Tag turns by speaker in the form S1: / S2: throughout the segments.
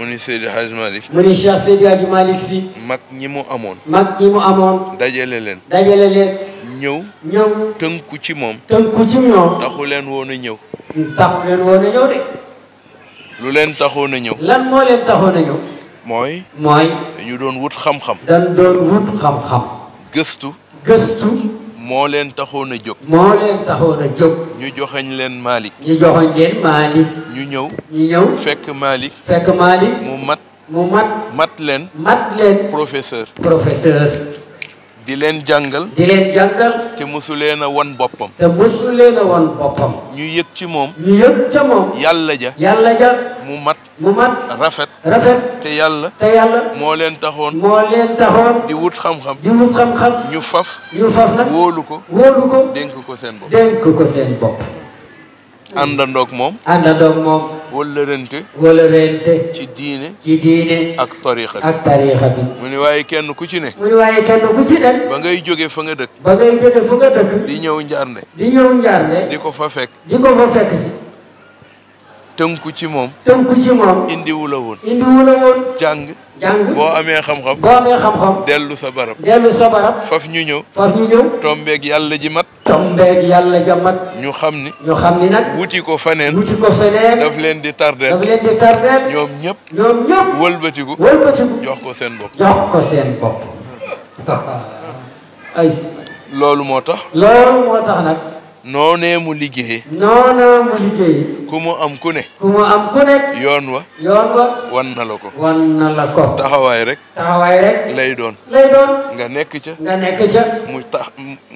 S1: mu ni Seydi Hadj Malick mu si mag ñi mu amoon mag ñi mu amoon dajale leen dajale leen ñëw ñëw tënku ci moom
S2: tënku ci moom
S1: taxu leen woon ñëw taxu leen ñëw de lu leen taxoon a ñëw lan moo leen taxoon ñëw mooy mooy dañu doon wut xam-xam dañ doon wut xam-xam gëstu gëstu moo leen taxoon a jóg. moo leen taxoon a ñu joxañ leen Malick. ñu joxañ leen Malick. ñu ñëw. ñu ñëw fekk Malick. fekk Malick mu mat. mu mat leen. mat leen professeur. professeur. di leen jàngal. di leen jàngal. te mosu leen a wan boppam. te mosu leen a wan boppam. ñu yëg ci moom. ñu yëg ca moom. yàlla ja. yàlla ja mu mat. mu mat rafet rafet te yàlla te yàlla moo leen taxoon moo leen taxoon di wut xam-xam di wut xam-xam ñu faf ñu faf nag wóolu ko wóolu ko dénk ko seen bopp dénk ko seen bopp àndandoog moom àndandoog moom wëllërente wëllërente ci diine ci diine ak tarixa bi mu ni waaye kenn ku ci ne mu ni waaye kenn ku ci ne ba ngay jóge fa nga dëkk ba ngay jóge fa nga dëkk di ñëw njaarnde di ñëw njaarnde di ko fa fekk di ko fa fekk si tënku ci moom. tënku ci moom. indiwu la woon. indiwu la woon. jàng. boo amee xam-xam. dellu sa barab. dellu sa barab. faf ñu ñëw. faf yàlla ji mat. tombeeg yàlla ja mat. ñu xam ni. ñu xam ni nag. wuti ko faneen. daf leen di tardeel. daf leen ñoom ñëpp. ñoom ñëpp. wëlbatiku. jox ko seen bopp. jox ko seen bopp. loolu moo tax. loolu moo tax nag. noonee mu liggéey. noonee mu liggéey. ku am ku ne. am ku yoon wa. yoon wa. wan na la ko. wan ko. taxawaay rek. taxawaay lay doon. lay doon. nga nekk ca. nga nekk ca. mu tax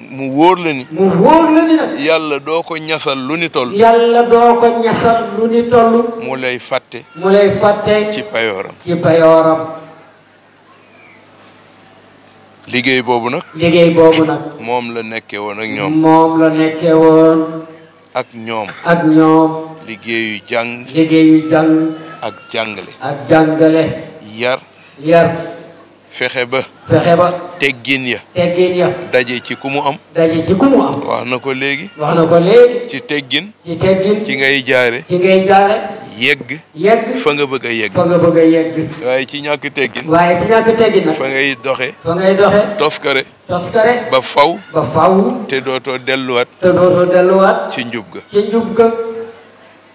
S1: mu wóor la doo ko ñasal lu ni toll. yàlla doo ko ñasal lu ni toll. mu lay fàtte. mu liggéey boobu nag. moom la nekkee woon ak ñoom. moom la nekkee woon. ak ñoom. ak ñoom. liggéeyu jàng. liggéeyu jàng. ak jàngale. yar. yar. fexe ba. fexe ba. teggin ya. teggin daje ci ku mu am. daje ci ku mu am. wax na ko léegi. wax na ko ci teggin. ci teggin. ngay jaare. ci ngay jaare. yegg. yegg fa nga bëgg a waaye ci ñàkk teggin. waaye ci ñàkk teggin nag. fa ngay doxe. fa ngay doxe. toskare. ba faw. ba faw. te dootoo delluwaat. te dootoo delluwaat. ci njub ga. ci njub ga.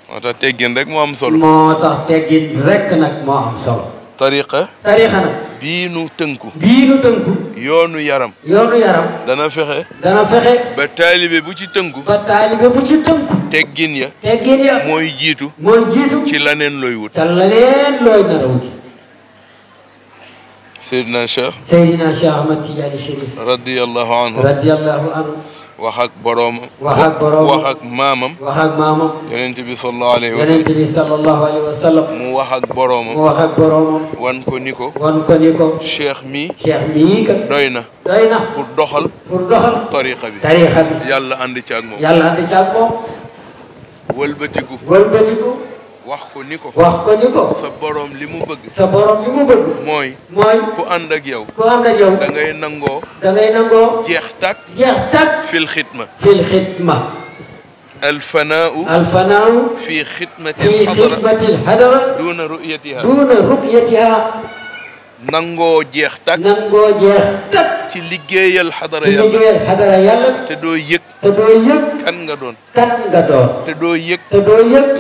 S1: moo tax teggin rek moo am solo. moo tax teggin rek nag moo am solo. tariqa. tariqa nag. bii nu tënku. bii nu yaram. yoonu yaram. dana fexe. dana fexe. ba taalibe bu ci tënku. ba taalibe bu ci tënku. teggin ya. teggin ya mooy jiitu. mooy jiitu ci laneen looy wut. te laneen looy nar a wut. Cheikh. Seydina Cheikh Ahmad Tidiane Chérif. radiyallahu anhu. radiyallahu anhu. وحق بروم وحق بروم وحق مامم وحق مامم يننتي بي صلى الله عليه وسلم يننتي بي صلى الله عليه وسلم مو وحق بروم مو وحق بروم وان كو نيكو وان كو نيكو شيخ مي شيخ مي دوينا دوينا بور دوخال بور دوخال طريقه بي طريقه بي يالا اندي تياك موم يالا اندي تياك موم ولبتيكو ولبتيكو wax ko ni ko wax ko ni ko sa borom li mu bëgg sa borom li mu bëgg mooy mooy ku ànd ak yow ku ànd ak yow da ngay nangoo da ngay nangoo jeex tak jeex tak fil xitma fil xitma الفناء الفناء في خدمة الحضرة دون رؤيتها دون رؤيتها nangoo jeex tak ci liggéeyal xadara yàlla te doo yëg nga doon kan nga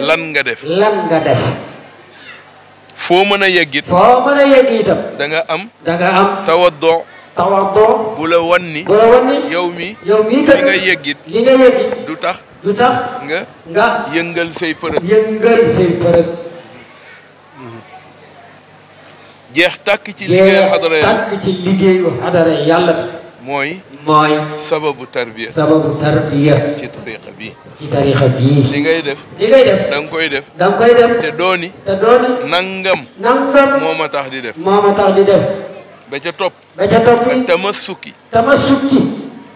S1: lan nga def lan nga def foo mën a yegg it mën a yegg itam am da nga am tawaddo mi yow mi li nga yeggit du tax du tax nga nga yëngal say përëg جه تاك تي ليغي حضره يالا موي موي سبب التربيه سبب التربيه في طريقه بي في طريقه بي ليغي ديف ليغي ديف دانكوي ديف دانكوي ديف تي دوني تي دوني موما تاخ دي موما تاخ دي ديف توب با توب تمسكي تمسكي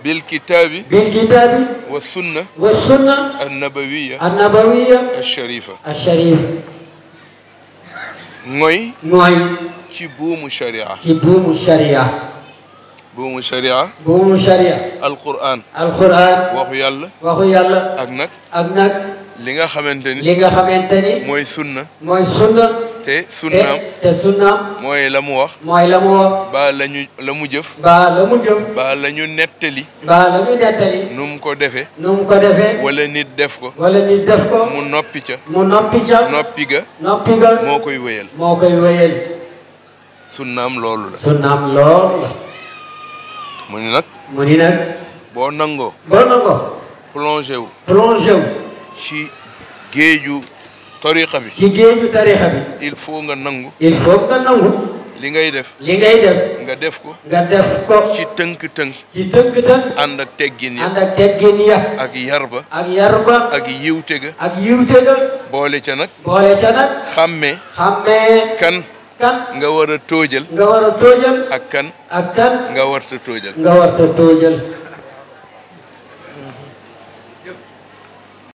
S1: بالكتاب بالكتاب والسنه والسنه النبويه النبويه الشريفه الشريفه موي موي بوم الشريعة بوم الشريعة بوم الشريعة بوم الشريعة القرآن القرآن waxu yàlla waxu yàlla ak nag ak nag li nga xamante li nga xamante ni sunna mooy sunna te sunnaam te sunnaam mooy la wax mooy la wax ba la ñu jëf ba la mu jëf ba la ñu nettali ba la ñu nettali ko defee nu ko defee wala nit def ko wala nit def ko mu noppi ca mu noppi ca noppi ga noppi ga moo koy wéyal moo koy wéyal sunnaam loolu la. sunnaam loolu la. mu ni nag. boo nangoo. boo nangoo. géeju tarixa bi. ci géeju tarixa bi. il faut nga nangu. il faut nga nangu. li ngay def. nga def ko. nga def ko. ci tënk-tënk. ak teggin ya. ànd ak teggin ak yar ak yar ba. boole ca nag. boole ca nag. xàmmee. kan. kan nga war a tóojal nga war a tóojal ak kan ak nga warta tóojal nga warta tóojal